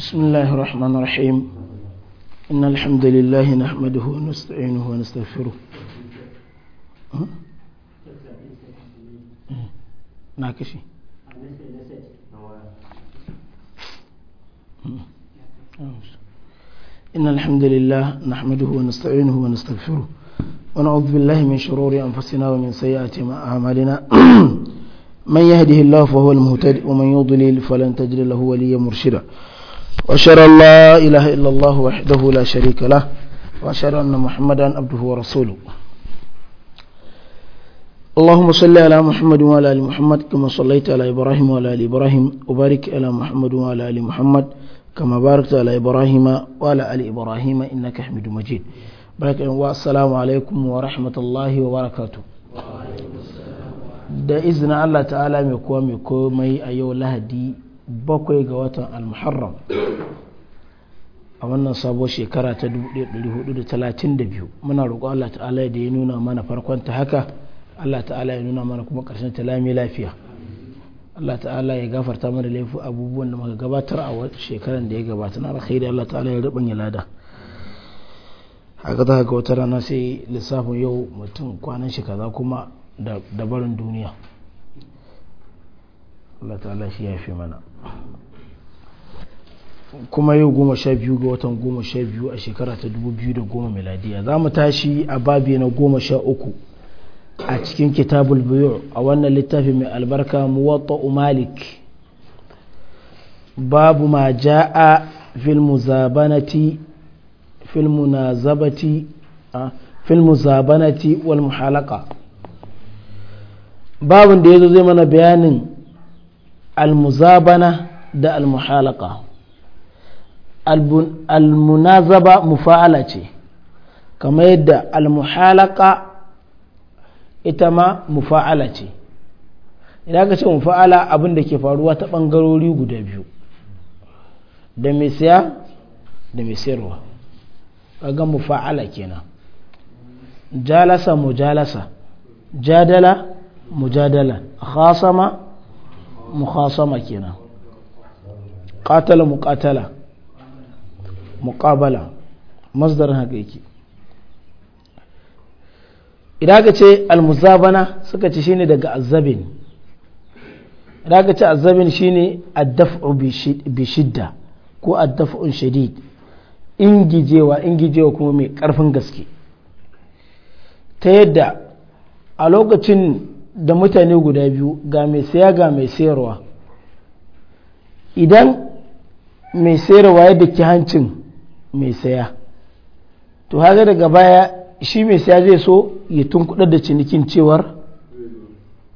بسم الله الرحمن الرحيم إن الحمد لله نحمده ونستعينه ونستغفره ناكشي إن الحمد لله نحمده ونستعينه ونستغفره ونعوذ بالله من شرور أنفسنا ومن سيئات أعمالنا من يهده الله فهو المهتد ومن يضلل فلن تجد له وليا مرشدا وأشهد أن لا إله إلا الله وحده لا شريك له وأشهد أن محمدا عبده ورسوله اللهم صل على محمد وعلى آل محمد كما صليت على إبراهيم وعلى آل إبراهيم وبارك على محمد وعلى آل محمد كما باركت على إبراهيم وعلى آل إبراهيم إنك حميد مجيد بارك والسلام عليكم ورحمة الله وبركاته da izinin Allah ta'ala mai kowa mai komai a yau lahadi bakwai ga watan al a wannan sabo shekara ta 1432 muna roƙo Allah ta'ala da ya nuna mana farkon ta haka Allah ta'ala ya nuna mana kuma ƙarshen ta lami lafiya Allah ta'ala ya gafarta mana laifin abubuwan da muka gabatar a shekaran da ya gabata na alkhairi Allah ta'ala ya ya lada haka ta haka wata rana sai lissafin yau mutum kwanan shi kaza kuma da barin duniya Allah ta'ala shi ya fi mana kuma yau goma sha biyu ga watan goma sha biyu a shekara ta dubu biyu da goma miladiya za mu tashi a babi na goma sha uku a cikin kitabul biyu a wannan littafi mai albarka muwatta malik babu ma ja'a fil muzabanati fil munazabati ah, fil wal muhalaqa babun da ya zo zai mana bayanin almuzabana da almuhalaka almunazaba mufa'ala ce kamar yadda almuhalaka ita ma mufa'ala ce idan ka ce mufa'ala abun da ke faruwa ta ɓangarori guda biyu mai sayarwa kaga mufa'ala kenan jalasa mujalasa jadala mujadala khasama mukhasama kenan qatala muqatala muqabala masdarin haka yake idan aka ce almuzabana suka ce shine daga azabin idan aka ce azabin shine addaf'u bi shidda ko addaf'un shadid ingijewa ingijewa kuma mai karfin gaske ta yadda a lokacin da mutane guda biyu ga mai saya ga mai sayarwa idan mai sayarwa ya daki hancin mai saya to haka daga baya shi mai saya zai so ya tunkuɗar da cinikin cewar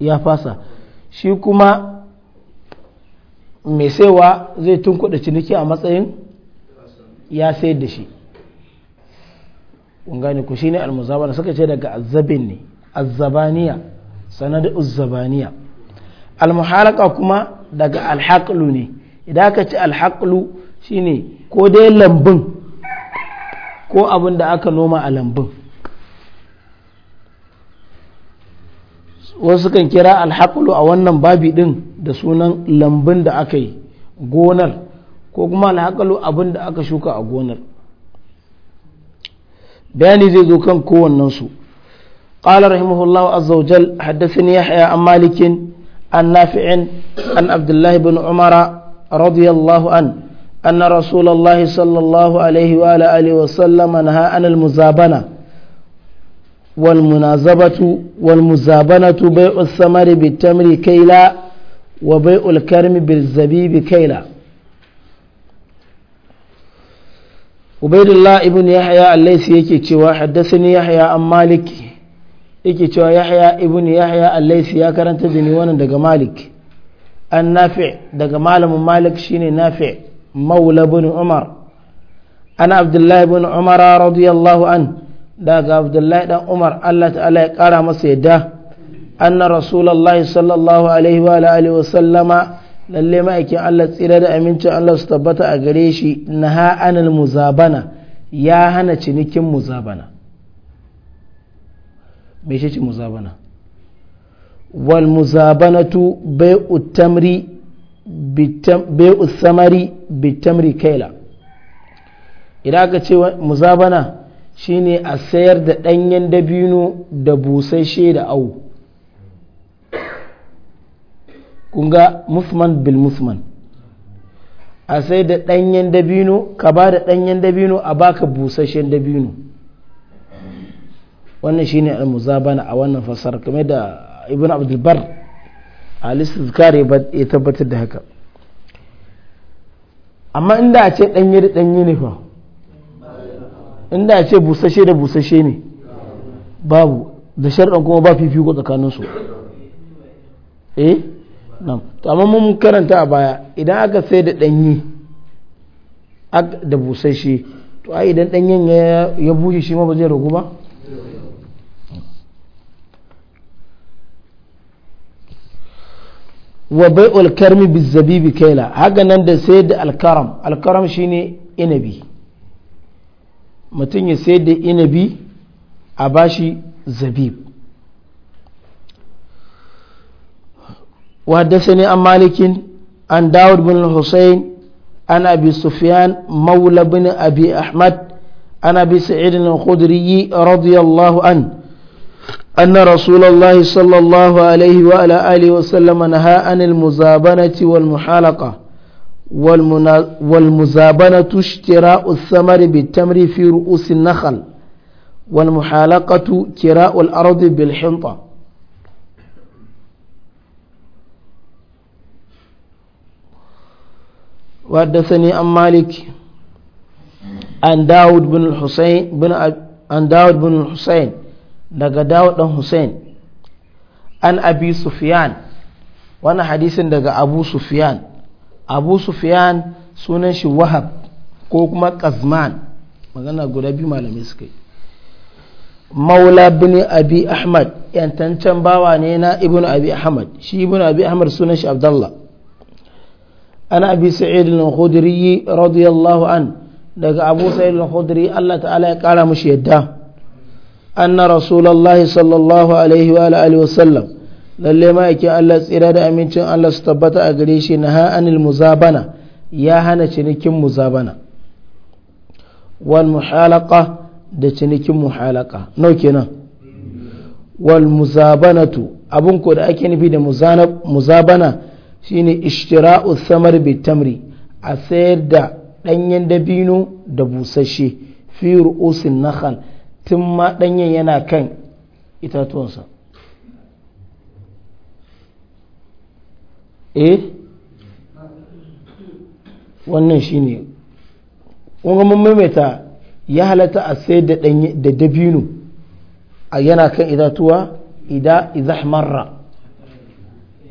ya fasa shi kuma mai saiwa zai tunkuɗa ciniki a matsayin ya sayar da shi ƙungani ku ku ne almuzabana suka ce daga azabin ne azabaniya. sanad uzzabaniya almuhalaka kuma daga alhaqlu ne idan aka ci alhaqlu shine ko dai lambun ko abin da aka noma a lambun wasu kan kira alhaqlu a wannan babi din da sunan lambun da aka yi gonar ko kuma alhaqlu abin da aka shuka a gonar bayani zai zo kan kowannensu su قال رحمه الله عز وجل حدثني يحيى عن مالك عن نافع عن عبد الله بن عمر رضي الله عنه أن رسول الله صلى الله عليه وعلى آله وسلم نهى عن المزابنة والمنازبة والمزابنة بيع الثمر بالتمر كيلا وبيع الكرم بالزبيب كيلا عبيد الله ابن يحيى الليثي يكي حدثني يحيى عن مالك yake cewa yahya ibn yahya al laysi ya karanta da ni wannan daga malik an nafi daga malamin malik shine nafi maula bin umar ana abdullahi bin umar radiyallahu an daga abdullahi dan umar Allah ta'ala ya kara masa yadda anna rasulullahi sallallahu alaihi wa alihi wa sallama lalle ma'aikin Allah tsira da amincin Allah su tabbata a gare shi naha anal muzabana ya hana cinikin muzabana mai ce muzabana wal muzabanatu bai'u tamri bai'u samari bitamri kaila idan aka ce muzabana shine a sayar da ɗanyen dabino da busasshe da awu kunga musman bil musman a sai da ɗanyen dabino ka ba da ɗanyen dabino a baka busasshen dabino wannan shine al-muzabana a wannan fasara kamar da ibn abdul bar al istizkari ya tabbatar da haka amma inda a ce danye da danye ne fa inda a ce busashe da busashe ne babu da sharɗan kuma ba fifiko tsakanin su eh nam to amma mun karanta a baya idan aka sai da danye da busashe to ai idan danyen ya bushe shi ma ba zai ragu ba wa bai alkarmi bi zabibi kaila haka nan da sai da alkaram alkaram shine inabi mutum ya sayar da inabi a bashi zabib wa ne an malikin an dawud bin hussein an abi sufyan maula bin abi ahmad an abi sa'id al-khudri radiyallahu anhu أن رسول الله صلى الله عليه وعلى آله وسلم نهى عن المزابنة والمحالقة والمزابنة اشتراء الثمر بالتمر في رؤوس النخل والمحالقة كراء الأرض بالحنطة وحدثني عن مالك عن داود بن الحسين بن عن داود بن الحسين daga Dawud dan Hussein an Abi Sufyan wani hadisin daga Abu Sufyan Abu Sufyan sunan shi Wahab ko kuma Qazman magana guda biyu malamai suka yi Maula bin Abi Ahmad yantancen bawa ne na Ibn Abi Ahmad shi Ibn Abi Ahmad sunan shi Abdullah an Abi Sa'id al-Khudri radiyallahu an daga Abu Sa'id al-Khudri Allah ta'ala ya kara mushi yadda أن رسول الله صلى الله عليه وآله وسلم lalle ma'aikin Allah tsira da amincin Allah su tabbata a gare shi na ha'anil muzabana ya hana cinikin muzabana wal muhalaka da cinikin muhalaka nau kenan wal muzabanatu abin ko da ake nufi da muzabana shine ishtira'u samar bi tamri a sayar da ɗanyen dabino da busasshe fi ru'usin nakhal tun ma ɗanyen yana kan itatuwansa eh wannan shi ne mun maimaita ya halatta a sai da dabino a yana kan itatuwa idan izahmarra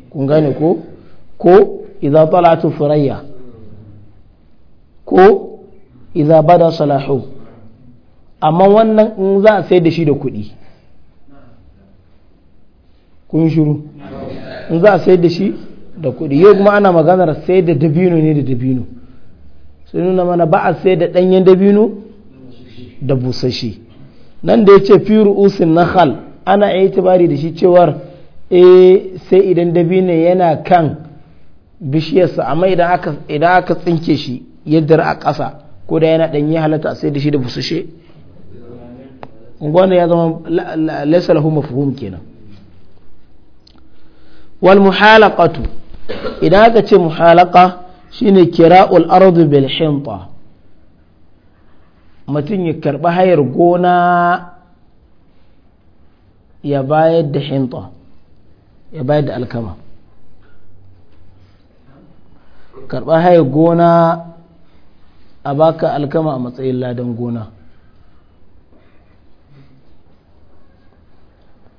kun gane ko ko idan talatu furayya ko iza bada salahu amma wannan in za a sai da shi da kuɗi kun shuru in za a sai da shi da kuɗi yau kuma ana maganar sai da dabino ne da dabino sai nuna mana ba a sai da ɗanyen dabino da busashi nan da ya ce fi ru'usin hal ana yi tabari da shi cewar eh sai idan dabino yana kan bishiyarsa amma idan aka tsinke shi yadda a ƙasa ko da yana ɗanye halatta sai da shi da busashe ungwana ya zama laisa lahu mafhum kenan wal muhalaqatu idan aka ce muhalaqa shine kira'ul ardu bil hinta mutum ya karba hayar gona ya bayar da hinta ya bayar da alkama karba hayar gona a baka alkama a matsayin ladan gona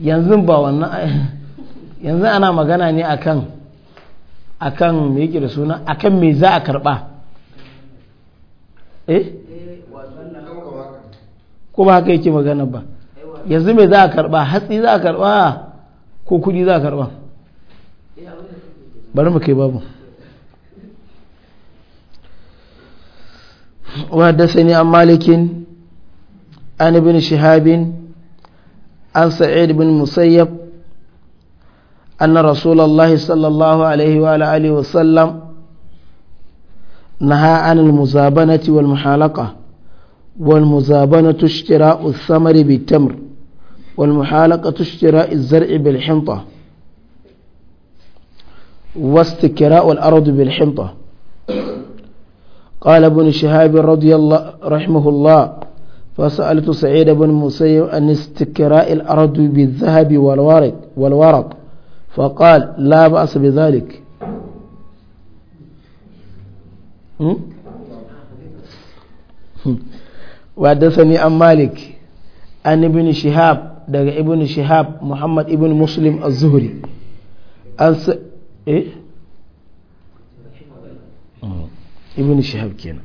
yanzu ba wannan yanzu ana magana ne akan akan me yake da suna akan me za a karba eh ko ba haka yake magana ba yanzu me za a karba hatsi za a karba ko kudi za a karba bari mu kai babu Wa sani عن مالك an ibn shihabin عن سعيد بن مسيب أن رسول الله صلى الله عليه وعلى آله وسلم نهى عن المزابنة والمحالقة والمزابنة اشتراء الثمر بالتمر والمحالقة اشتراء الزرع بالحنطة واستكراء الأرض بالحنطة قال ابن شهاب رضي الله رحمه الله فسألت سعيد بن مسيب عن استكراء الأرض بالذهب والورق, والورق فقال لا بأس بذلك وحدثني عن مالك عن ابن شهاب دغ ابن شهاب محمد ابن مسلم الزهري أنس... إيه؟ ابن شهاب كينا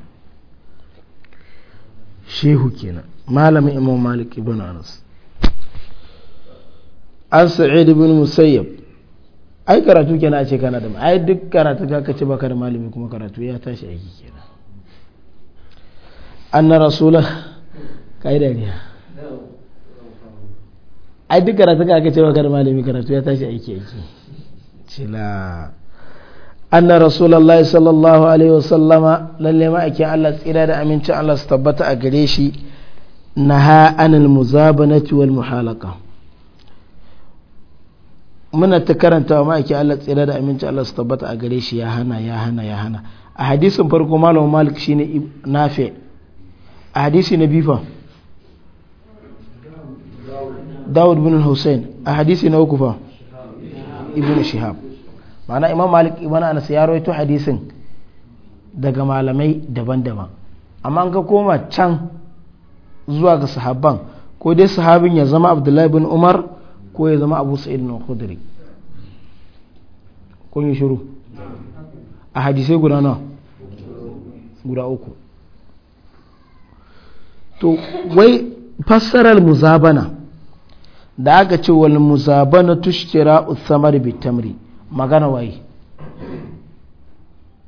shehu kenan malamin imam malik ibn anas an sa'id ibn musayyab ai karatu kenan a ce kana da ai duk karatu ka kace baka da malami kuma karatu ya tashi aiki kenan anna rasula kai da ne ai duk karatu ka kace baka da malami karatu ya tashi aiki aiki cila anna rasulullahi sallallahu alaihi wasallama lalle ma'aikin Allah tsira da amincin Allah su tabbata a gare shi naha anil muzabanati wal muhalaka muna ta karanta ma ake Allah tsira da amincin Allah su tabbata a gare shi ya hana ya hana ya hana a hadisin farko malam malik shine nafi a hadisi na bifa Dawud bin Hussein a hadisi na uku fa Ibn Shihab ma'ana imam malik ibn anas ya rawaito hadisin daga malamai daban-daban amma an ka koma can zuwa ga sahabban ko dai sahabin ya zama abdullahi bin umar ko ya zama abu sa'id na khudri kun yi shiru a hadisai guda nawa guda uku to wai fassarar muzabana da aka ce wal muzabana tushkira uthamar bitamri magana waye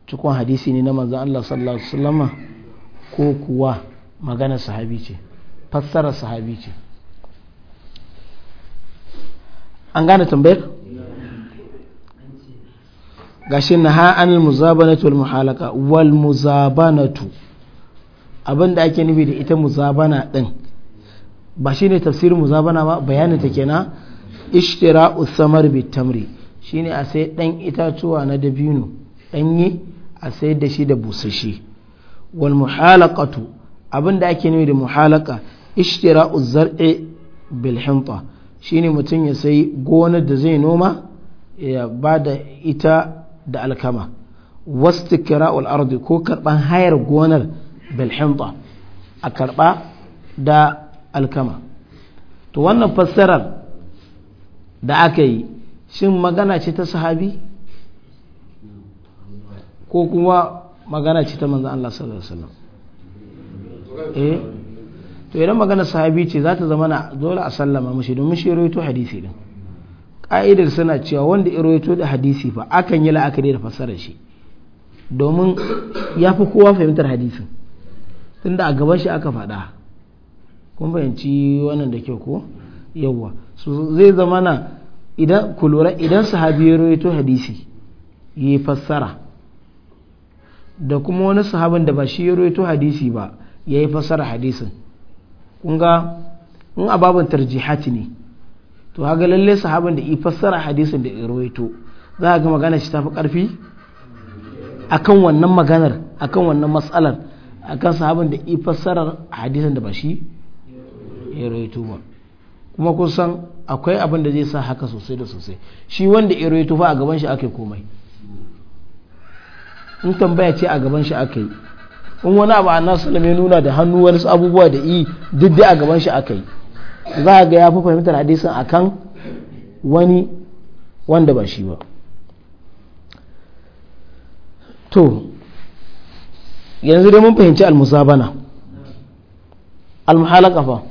cikin hadisi ne na manzan Allah sallallahu alaihi wasallama ko kuwa magana sahabi ce fassara sahabi ce an gane tambayar gashi na ha'anil muzabanatu wal muhalaka wal muzabanatu abinda ake nufi da ita muzabana din ba shine tafsirin muzabana ba bayanin ta kenan ishtira'u samar bitamri shine a sai ɗan itatuwa na dabino ɗanye a sai da shi da busasshe wal muhalaqatu abinda ake nemi da muhalaka ishtira'u zar'i bil hinta shine mutum ya sai gonar da zai noma ya ba da ita da alkama wastikira'ul ardi ko karban hayar gonar bil a karba da alkama to wannan fassarar da aka yi shin magana ce ta sahabi ko kuma magana ce ta manzan Allah sallallahu alaihi eh to idan magana sahabi ce za ta zama na dole a sallama mashi domin shi rawaito hadisi din ka'idar suna cewa wanda ya da hadisi fa akan yi la'akari da fassarar shi domin ya fi kowa fahimtar hadisin tunda a gaban shi aka faɗa kun fahimci wannan da kyau ko yawwa zai zama na idan ku lura idan sahabi ya rawaito hadisi ya fassara da kuma wani sahabin da ba shi ya rawaito hadisi ba ya yi fassara hadisin kun ga in ababen tarjihati ne to haga lalle sahabin da yi fassara hadisin da ya rawaito za ga magana shi tafi karfi akan wannan maganar akan wannan matsalar akan sahabin da yi fassarar hadisin da ba shi ya rawaito ba kuma kun san akwai abin da zai sa haka sosai da sosai shi wanda iro ya tufa a gaban shi ake komai in tambaya ce a gaban shi aka yi in wani abu annabi nasu ya nuna da hannu wani abubuwa da yi duk da a gaban shi aka yi za ga ya fi fahimtar hadisin kan wani wanda ba shi ba to yanzu dai mun fahimci almusabana almuhalaka fa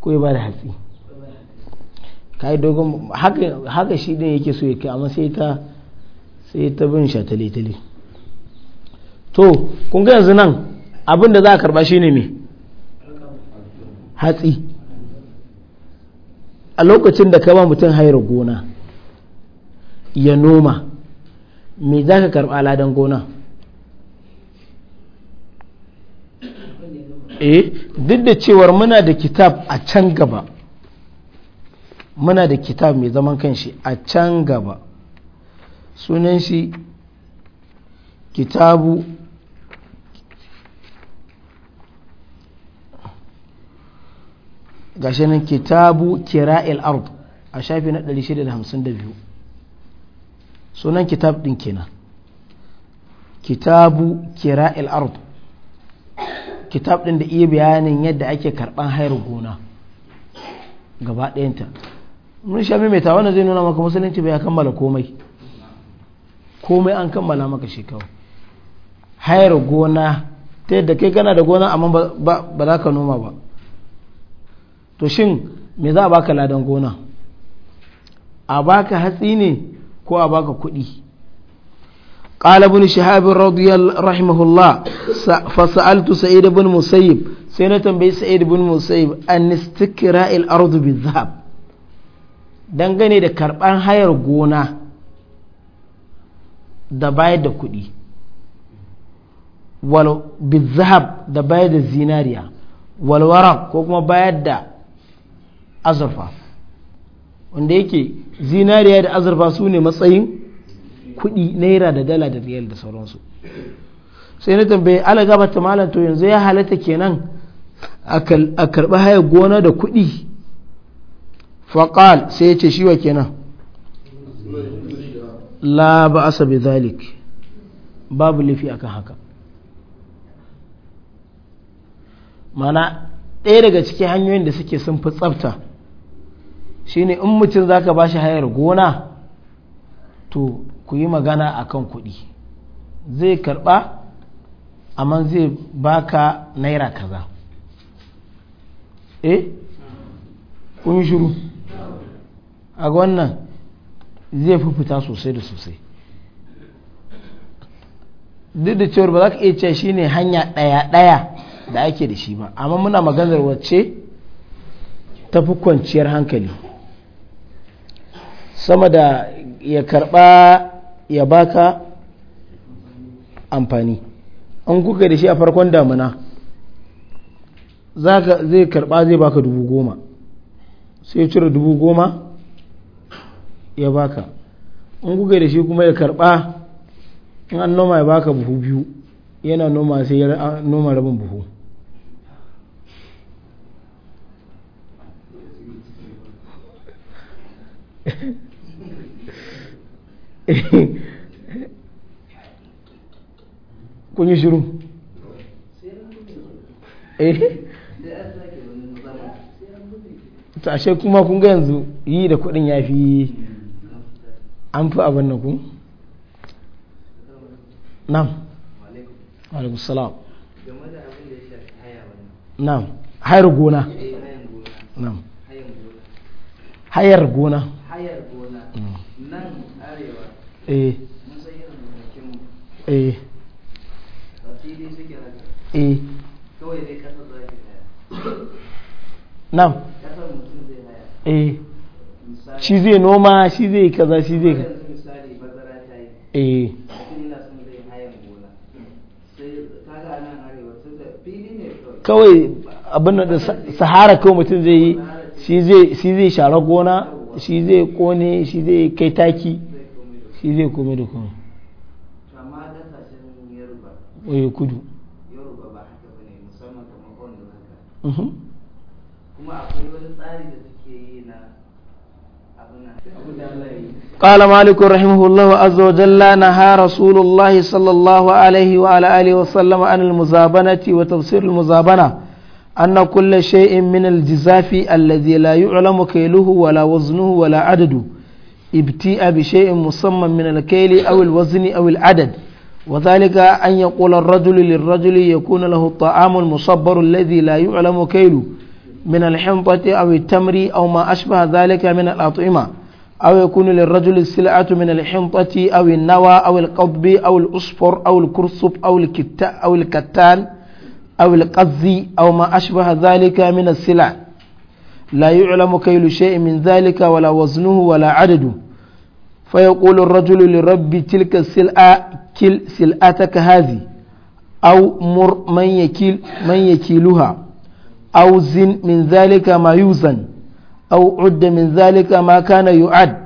ko ya da hatsi kai dogon haka haka shi din yake so yake amma sai ta sai ta bin sha tale tale to kun ga yanzu nan abin da za a karba shine me hatsi a lokacin da ka ba mutum hayar gona ya noma me za ka karba ladan gona eh duk da cewar muna da kitab a can gaba muna da kitab mai zaman kanshi a can gaba sunan shi kitabu gashi nan kitabu kira'il ard a shafi na 652 sunan kitab din kenan kitabu kira'il ard kitab ɗin da iya bayanin yadda ake karɓan hayar gona gaba ɗayanta mun sha mai ta wannan zai nuna maka musulunci bai ya kammala komai komai an kammala maka shi kawai hayar gona ta yadda kai kana da gona amma ba za ka noma ba to shin me za a baka ladan gona a baka hatsi ne ko a baka kuɗi قال ابن شهاب رضي الله رحمه الله فسألت سعيد بن مسيب سنة بي سعيد بن مسيب أن استكراء الأرض dangane da karɓar hayar gona da bayar da kuɗi wal bizahab da bayar da zinariya walwara ko kuma bayar da azurfa wanda yake zinariya da azurfa sune matsayin kuɗi naira da dala da riyal da sauransu sai na tambaye ala gaba ta malam to yanzu ya halatta kenan a karɓi haya gona da kuɗi faƙal sai ya ce shiwa kenan la ba asa bi zalik babu laifi akan haka mana ɗaya daga cikin hanyoyin da suke sun fi tsafta shine in mutum zaka ba shi hayar gona to ku yi magana a kan kuɗi zai karɓa amma zai baka naira kaza eh kun shuru a wannan zai fita sosai da sosai duk da cewar ba za ka iya cewa ne hanya ɗaya-ɗaya da ake da shi ba amma muna maganar wacce ta fi kwanciyar hankali sama da ya karɓa ya baka amfani an kuka da shi a farkon damuna zai karba zai baka dubu goma sai cire dubu goma ya baka an kuka da shi kuma ya karba in an noma ya baka buhu biyu yana noma sai ya noma rabin buhu Eh. kun yi shiru eh. ta ashe kuma kun ga yanzu yi da kudin ya fi an fi abin na ku alaikun salam nam hayar gona nam hayar gona hayar gona eh eh. Eh. eh shi zai noma shi zai kaza shi zai eh kawai abin da sahara kawai mutum zai yi shi zai shara gona shi zai kone shi zai kai taki shi zai komai da komai amma da sashen yoruba oye kudu yoruba ba haka bane musamman kamar wanda haka kuma akwai wani tsari da suke yi na قال مالك رحمه الله عز وجل نهى رسول الله صلى الله عليه وعلى آله وسلم عن المزابنة وتفسير المزابنة أن كل شيء من الجزاف الذي لا يعلم كيله ولا وزنه ولا عدده ابتيء بشيء مصمم من الكيل أو الوزن أو العدد وذلك أن يقول الرجل للرجل يكون له الطعام المصبر الذي لا يعلم كيله من الحنطة أو التمر أو ما أشبه ذلك من الأطعمة أو يكون للرجل السلعة من الحنطة أو النوى أو القضب أو الأصفر أو الكرصب أو الكتان أو الكتان أو القذي أو ما أشبه ذلك من السلع لا يعلم كيل شيء من ذلك ولا وزنه ولا عدده فيقول الرجل لربي تلك السلعة كل سلعتك هذه أو مر من يكيل من يكيلها أو زن من ذلك ما يوزن أو عد من ذلك ما كان يعد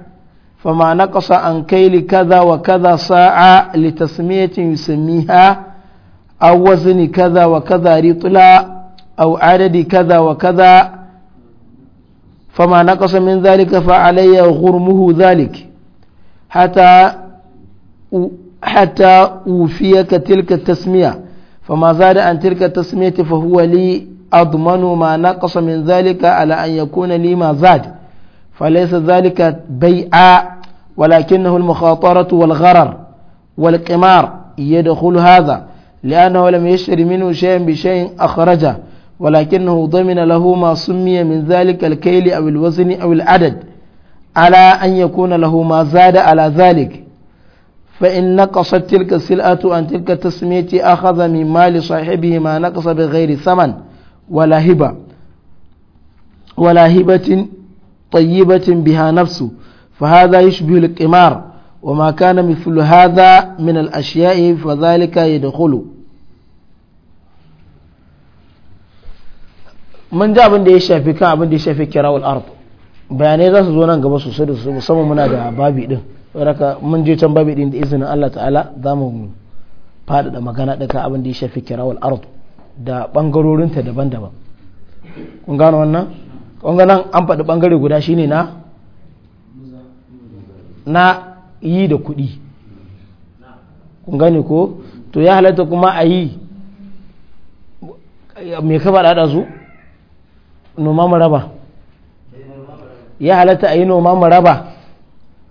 فما نقص عن كيل كذا وكذا ساعة لتسمية يسميها أو وزن كذا وكذا رطلا أو عدد كذا وكذا فما نقص من ذلك فعلي غرمه ذلك حتى حتى أوفيك تلك التسمية فما زاد عن تلك التسمية فهو لي أضمن ما نقص من ذلك على أن يكون لي ما زاد فليس ذلك بيعا ولكنه المخاطرة والغرر والقمار يدخل هذا لأنه لم يشتري منه شيئا بشيء أخرجه ولكنه ضمن له ما سمي من ذلك الكيل أو الوزن أو العدد على أن يكون له ما زاد على ذلك فإن نقصت تلك السلعة عن تلك التسمية أخذ من مال صاحبه ما نقص بغير ثمن ولا هبة ولا هبة طيبة بها نفسه فهذا يشبه القمار وما كان مثل هذا من الأشياء فذلك يدخل mun ji abin da ya shafi kan abin da ya shafi kirawul ard bayanai za su zo nan gaba sosai da sosai musamman muna da babi din raka mun je can babi din da izinin Allah ta'ala za mu faɗaɗa magana da kan abin da ya shafi kirawul ard da bangarorinta daban-daban kun gano wannan kun ga nan an faɗi bangare guda shine na na yi da kuɗi kun gane ko to ya halatta kuma a yi mai ka faɗaɗa su noma raba ya halatta a yi noma raba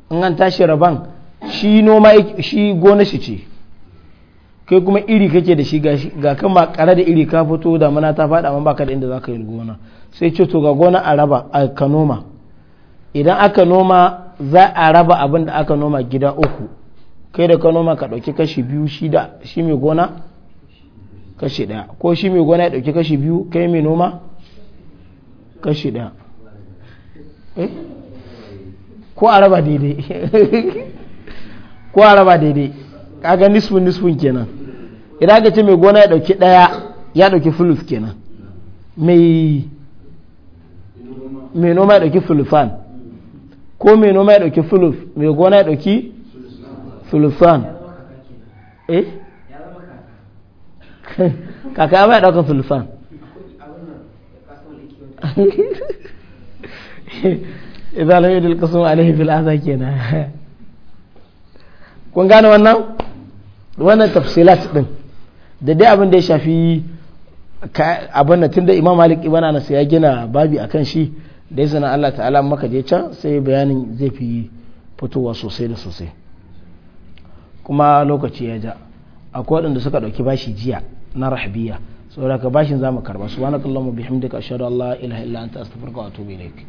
in an tashi raban shi noma shi gona shi ce kai kuma iri kake da shi ga kan makara da iri ka fito da mana ta faɗa man baka da inda za ka yi gona sai ce to ga gona a raba a ka noma idan aka noma za a raba abin da aka noma gida uku kai da ka noma ka ɗauki kashi biyu shi mai gona kashi ɗaya ko shi mai gona ya ɗauki kashi biyu kai mai noma kashi ɗaya eh? ko a raba daidai ko a raba daidai kaga nisfin nisfin kenan idan aka ce mai gona ya dauki ɗaya ya dauki fulus kenan mai mai noma ya dauki fulufan ko mai noma ya dauki fuluf mai gona ya dauki fulufan eh kaka ya ba ya fulufan idan lam fil kenan kun gane wannan wannan tafsilat din da dai abin da ya shafi abin da tunda imam malik ibn anas ya gina babi akan shi da ya izinin Allah ta'ala maka je can sai bayanin zai fi fitowa sosai da sosai kuma lokaci ya ja akwai waɗanda suka ɗauki bashi jiya na rahabiya saboda ka bashin zamu karba subhanakallahumma bihamdika ashhadu an la ilaha illa anta astaghfiruka wa atubu ilaik